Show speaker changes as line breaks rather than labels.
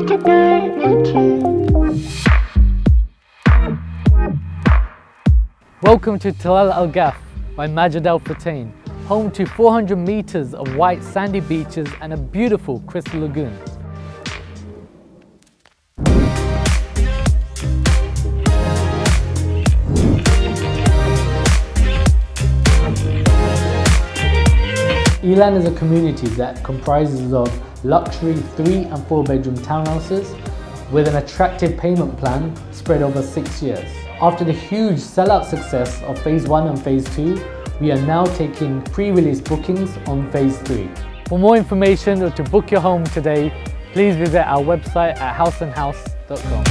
Welcome to Talal Al Gaf by Majid Al Fatain, home to 400 meters of white sandy beaches and a beautiful crystal lagoon. Elan is a community that comprises of luxury three and four bedroom townhouses with an attractive payment plan spread over six years. After the huge sellout success of phase one and phase two, we are now taking pre-release bookings on phase three. For more information or to book your home today, please visit our website at houseandhouse.com.